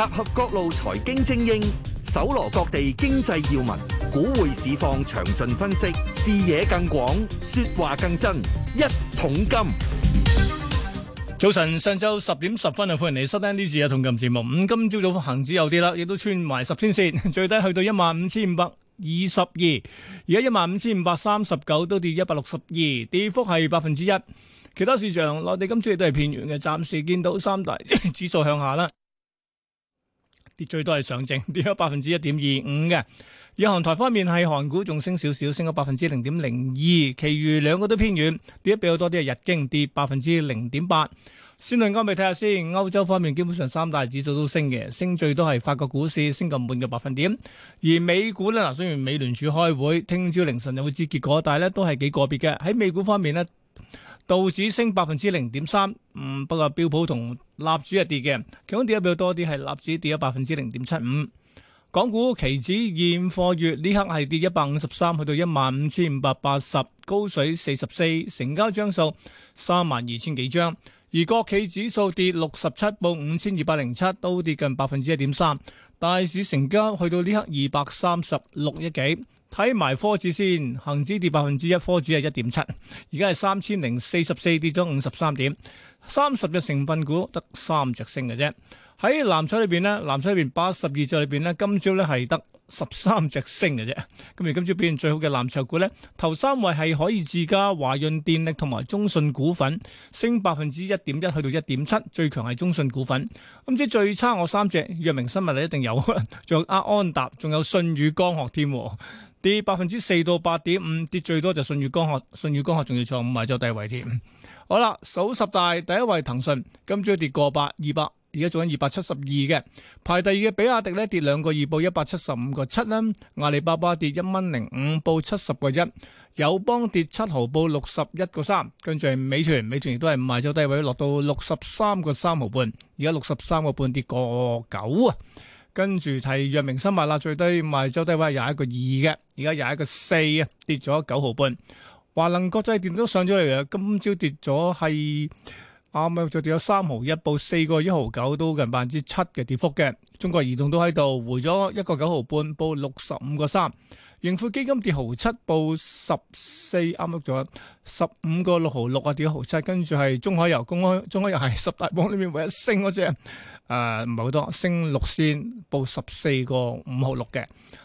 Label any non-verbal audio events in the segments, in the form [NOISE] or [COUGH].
集合各路財經精英，搜羅各地經濟要聞，股匯市況詳盡分析，視野更廣，說話更真。一桶金。早晨，上晝十點十分啊，歡迎嚟收聽呢次嘅同金節目。咁今朝早恒指有啲啦，亦都穿埋十天線，最低去到一萬五千五百二十二，而家一萬五千五百三十九都跌一百六十二，跌幅係百分之一。其他市場，內地今朝亦都係偏軟嘅，暫時見到三大指數向下啦。跌最多係上證，跌咗百分之一點二五嘅。而韓台方面係，韓股仲升少少，升咗百分之零點零二。其餘兩個都偏軟，跌得比較多啲係日經，跌百分之零點八。先嚟歐美睇下先，歐洲方面基本上三大指數都升嘅，升最多係法國股市，升近半嘅百分點。而美股咧，嗱，雖然美聯儲開會聽朝凌晨就會知結果，但係咧都係幾個別嘅喺美股方面咧。道指升百分之零點三，嗯，不過標普同納指係跌嘅，其中跌咗比較多啲係納指跌咗百分之零點七五。港股期指現貨月呢刻係跌一百五十三，去到一萬五千五百八十，高水四十四，成交張數三萬二千幾張。而國企指數跌六十七，報五千二百零七，都跌近百分之一點三。大市成交去到呢刻二百三十六億幾。睇埋科指先，恒指跌百分之一，科指係一點七，而家係三千零四十四跌咗五十三點，三十隻成分股得三隻隻升嘅啫。喺藍籌裏邊呢藍籌裏邊八十二隻裏邊呢今朝呢係得十三隻升嘅啫。咁而今朝表現最好嘅藍籌股呢，頭三位係可以自家華潤電力同埋中信股份，升百分之一點一去到一點七，最強係中信股份。咁即最差我三隻藥明生物就一定有，仲有阿安達，仲有舜宇光學添。跌百分之四到八點五，跌最多就舜宇光學，舜宇光學仲要創五埋咗低位添。好啦，數十大第一位騰訊，今朝跌過百二百，而家做緊二百七十二嘅。排第二嘅比亞迪咧跌兩個二報一百七十五個七啦。阿里巴巴跌一蚊零五，報七十個一。友邦跌七毫報六十一個三。跟住美團，美團亦都係埋咗低位落到六十三個三毫半，而家六十三個半跌過九啊。跟住提藥明生物啦，最低賣咗低位廿一個二嘅，而家廿一個四啊，跌咗九毫半。華能國際電都上咗嚟嘅，今朝跌咗係啱咪就跌咗三毫一，報四個一毫九，都近百分之七嘅跌幅嘅。中國移動都喺度，回咗一個九毫半，報六十五個三。盈富基金跌毫七，報十四啱啱咗十五個六毫六啊，跌毫七。跟住係中海油公開，中海油係十大榜裏面唯一升嗰隻，誒唔係好多，升六仙，報十四個五毫六嘅。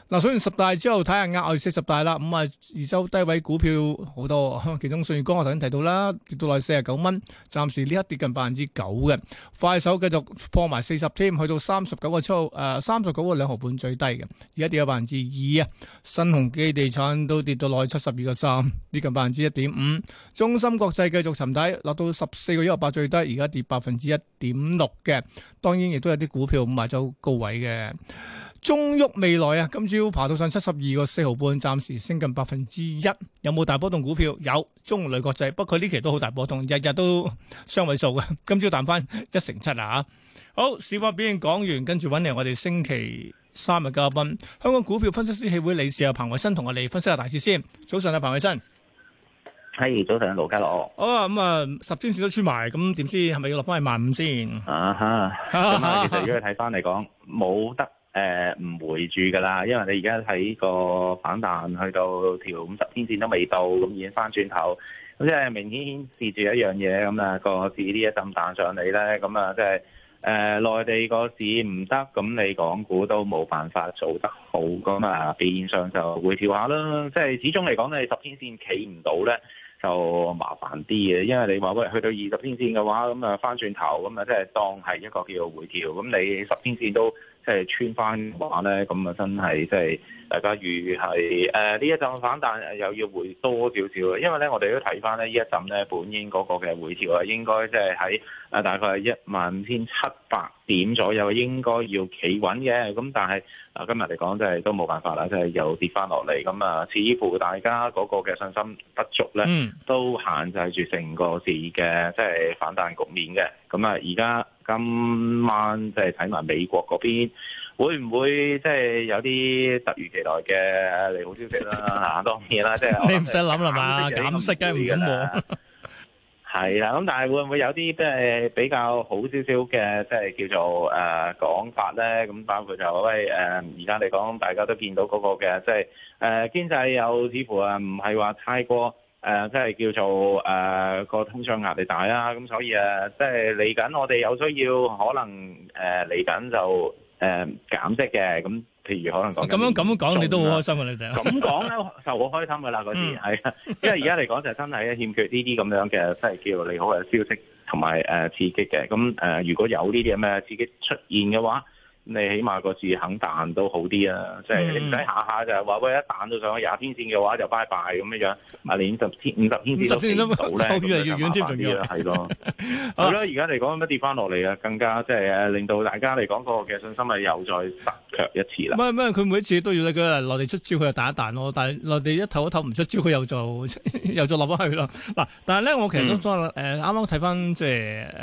嗱，數完十大之後，睇下額外四十大啦。咁啊，五二周低位股票好多，其中信義光我頭先提到啦，跌到嚟四十九蚊，暫時呢一刻跌近百分之九嘅。快手繼續破埋四十天，去到三十九個。誒，三十九個兩毫半最低嘅，而家跌咗百分之二啊。新鴻基地產都跌到落去七十二個三，跌近百分之一點五。中芯國際繼續沉底，落到十四個一毫八最低，而家跌百分之一點六嘅。當然亦都有啲股票賣咗高位嘅。中旭未來啊，今朝爬到上七十二個四毫半，暫時升近百分之一。有冇大波動股票？有，中旅國際，不過呢期都好大波動，日日都雙位數嘅。今朝彈翻一成七啊！好，市況表現講完，跟住揾嚟我哋星期三嘅嘉賓，香港股票分析師協會理事啊彭偉新同我哋分析下大市先。早上啊，彭偉新，係、hey, 早晨啊，加羅家樂。好、哦、啊，咁、嗯、啊，十天線都穿埋，咁點知係咪要落翻去萬五先？啊、uh-huh. [LAUGHS] [LAUGHS] 其實如果睇翻嚟講，冇得。誒、呃、唔回住㗎啦，因為你而家喺個反彈去到條五十天線都未到，咁已經翻轉頭，咁即係明顯示住一樣嘢咁啊，個市呢一陣彈上嚟咧，咁啊即係誒內地個市唔得，咁你港股都冇辦法做得好，咁啊變相就回調下啦。即係始終嚟講，你十天線企唔到咧，就麻煩啲嘅。因為你話喂去到二十天線嘅話，咁啊翻轉頭，咁啊即係當係一個叫回調。咁你十天線都～即係穿翻話咧，咁啊真係即係大家預係誒呢一陣反彈，又要回多少少嘅。因為咧，我哋都睇翻咧，呢一陣咧本應嗰個嘅回調咧，應該即係喺大概一萬五千七百點左右應該要企穩嘅。咁但係啊、呃、今日嚟講，即係都冇辦法啦，即係又跌翻落嚟。咁啊，似乎大家嗰個嘅信心不足咧，都限制住成個市嘅即係反彈局面嘅。咁啊，而家。今晚即係睇埋美國嗰邊，會唔會即係有啲突如其來嘅利好消息啦？嚇， [LAUGHS] 當然啦，即係 [LAUGHS] 你唔使諗啦嘛，減息梗係唔緊要。係 [LAUGHS] 啊，咁但係會唔會有啲即係比較好少少嘅，即、就、係、是、叫做誒、呃、講法咧？咁包括就係誒而家嚟講，呃、大家都見到嗰個嘅，即係誒經濟有似乎啊，唔係話太過。誒、呃、即係叫做誒個、呃、通脹壓力大啦，咁所以誒即係嚟緊，我哋有需要可能誒嚟緊就誒、呃、減息嘅，咁譬如可能講咁樣咁樣講你都好開心㗎、啊，你哋咁講咧就好開心㗎啦，嗰啲係啊，嗯、 [LAUGHS] 因為而家嚟講就真係欠缺呢啲咁樣嘅即係叫做利好嘅消息同埋誒刺激嘅，咁誒、呃、如果有呢啲咁嘅刺激出現嘅話。你起碼個字肯彈都好啲啊！即係你唔使下下就話喂，一彈到上去廿天線嘅話就拜拜咁樣樣，啊連十天五十天線都跌唔越嚟越遠添，仲要啦，係咯。好啦，而家嚟講乜跌翻落嚟啊？更加即係誒令到大家嚟講個嘅信心係又再失卻一次啦。唔係佢每一次都要佢落地出招，佢就彈一彈咯。但係落地一唞一唞唔出招，佢又就又就落翻去咯。嗱，但係咧，我其實都誒啱啱睇翻即係誒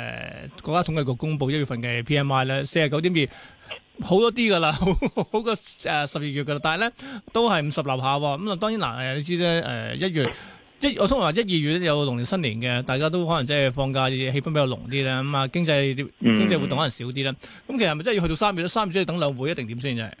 國家統計局公布一月份嘅 P M I 咧，四十九點二。多好多啲噶啦，好過誒十二月噶啦，但係咧，都係五十樓下咁啊。當然嗱，誒、呃、你知咧，誒、呃、一月一我通常話一二月有農曆新年嘅，大家都可能即係放假，氣氛比較濃啲咧。咁啊，經濟經濟活動可能少啲咧。咁其實係咪真係要去到三月咧？三月主要等兩會一定點先嘅？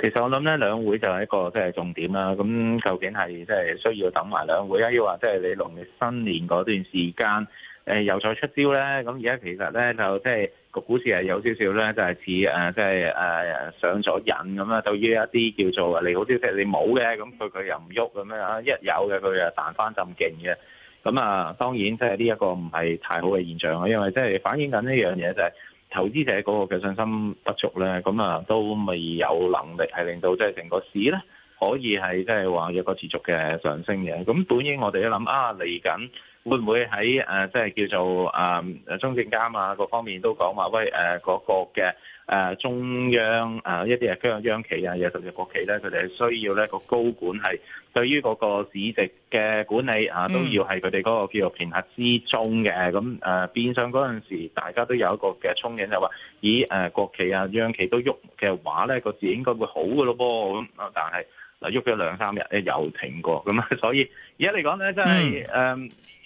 其實我諗咧，兩會就係一個即係重點啦。咁究竟係即係需要等埋兩會，還要話即係你農曆新年嗰段時間？誒又再出招咧，咁而家其實咧就即係個股市係有少少咧，就係、是、似即係誒上咗癮咁啊。對於一啲叫做利好消息，你冇嘅咁佢佢又唔喐咁樣，一有嘅佢又彈翻咁勁嘅。咁啊，當然即係呢一個唔係太好嘅現象啊，因為即係、就是、反映緊一樣嘢就係、是、投資者嗰個嘅信心不足咧。咁啊都未有能力係令到即係成個市咧可以係即係話有個持續嘅上升嘅。咁本應我哋一諗啊嚟緊。會唔會喺誒即係叫做誒、呃、中證監啊各方面都講話喂，誒嗰個嘅中央誒一啲嘅央央企啊，尤其是國企咧、啊，佢哋係需要咧個高管係對於嗰個市值嘅管理啊，都要係佢哋嗰個叫做平衡之中嘅咁誒。變相嗰陣時，大家都有一個嘅憧憬，就話以誒國企啊、央企都喐嘅話咧，個市應該會好嘅咯噃咁。但係嗱，喐咗兩三日又停過咁，所以而家嚟講咧，真係誒。呃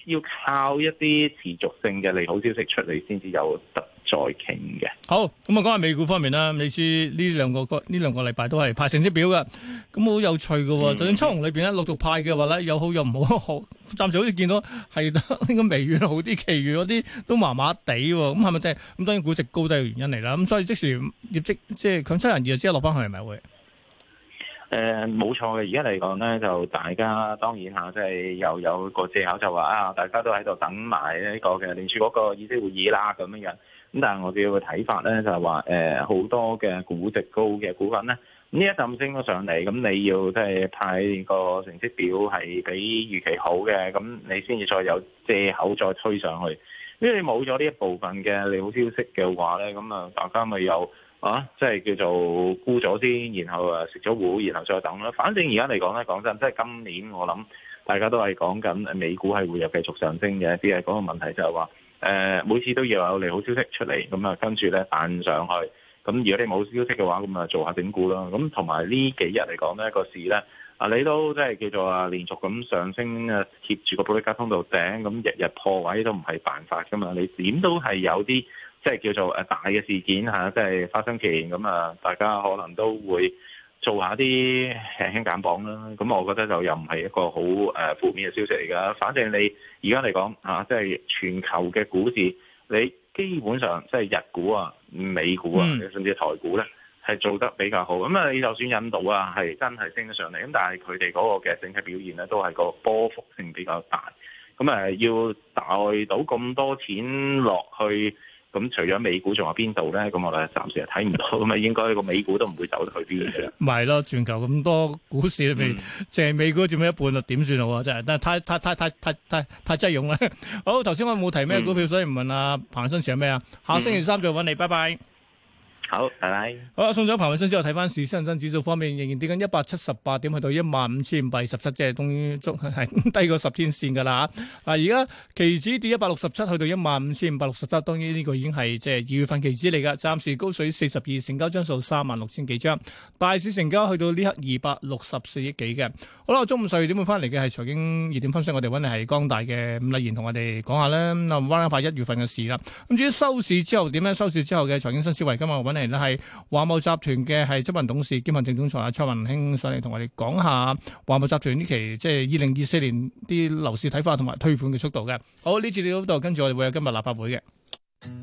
要靠一啲持續性嘅利好消息出嚟先至有得再傾嘅。好咁啊，講下美股方面啦。你知呢兩個呢兩個禮拜都係派成績表嘅，咁好有趣喎、嗯。就算七紅裏面咧，陸續派嘅話咧有好有唔好，暫時好似見到係呢個微軟好啲，其餘嗰啲都麻麻地。咁係咪即係咁？當然估值高低嘅原因嚟啦。咁所以即時業績即係強出人意即刻落翻去，係咪會？誒、嗯、冇錯嘅，而家嚟講咧，就大家當然下，即、啊、係、就是、又有一個借口就話啊，大家都喺度等埋呢個嘅聯儲嗰個議息會議啦咁樣樣。咁但係我嘅睇法咧就係話誒，好、呃、多嘅估值高嘅股份咧，呢一陣升咗上嚟，咁你要即係派個成績表係比預期好嘅，咁你先至再有借口再推上去。因為你冇咗呢一部分嘅利好消息嘅話咧，咁啊大家咪又。啊，即係叫做沽咗先，然後食咗糊，然後再等。反正而家嚟講咧，講真，即係今年我諗大家都係講緊，美股係會有繼續上升嘅。啲係嗰個問題就係、是、話、呃，每次都要有利好消息出嚟，咁啊跟住咧彈上去。咁、嗯、如果你冇消息嘅話，咁啊做下整蠱咯。咁同埋呢幾日嚟講咧個市咧，啊你都即係叫做啊連續咁上升啊，貼住個布林格通道頂，咁日日破位都唔係辦法噶嘛。你點都係有啲。即係叫做誒大嘅事件嚇，即係發生期間，咁啊，大家可能都會做下啲輕輕減磅啦。咁我覺得就又唔係一個好誒負面嘅消息嚟噶。反正你而家嚟講嚇，即係全球嘅股市，你基本上即係日股啊、美股啊，甚至台股咧係做得比較好。咁啊，你就算印度啊，係真係升得上嚟咁，但係佢哋嗰個嘅整體表現咧都係個波幅性比較大。咁誒要帶到咁多錢落去。咁除咗美股仲有邊度咧？咁我哋暫時係睇唔到，咁 [LAUGHS] 啊應該個美股都唔會走落去邊嘅。咪係咯，全球咁多股市裏面，淨、嗯、係美股佔咗一半啊？點算喎？真係，但係太太太太太太擠擁啦。 [LAUGHS] 好，頭先我冇提咩股票，嗯、所以唔問阿、啊、彭生生咩啊。下星期三再揾你，拜拜。嗯 [LAUGHS] 好，拜拜。好啊，送咗彭偉新之後，睇翻市，恒生指數方面仍然跌緊一百七十八點，去到一萬五千五百二十七只，終於足係低過十天線噶啦。嗱，而家期指跌一百六十七，去到一萬五千五百六十七，當然呢個已經係即係二月份期指嚟噶。暫時高水四十二，成交張數三萬六千幾張，大市成交去到呢刻二百六十四億幾嘅。好啦，中午十二點半翻嚟嘅係財經熱點分析，我哋揾係光大嘅麗賢同我哋講下咧，嗱、啊，灣壓派一月份嘅事啦。咁至於收市之後點咧？收市之後嘅財經新思維，今日揾嚟咧，係華茂集團嘅係執行董事兼行政總裁啊蔡文興，上嚟同我哋講下華茂集團呢期即係二零二四年啲樓市睇法同埋推盤嘅速度嘅。好呢節料度，跟住我哋會有今日立法會嘅。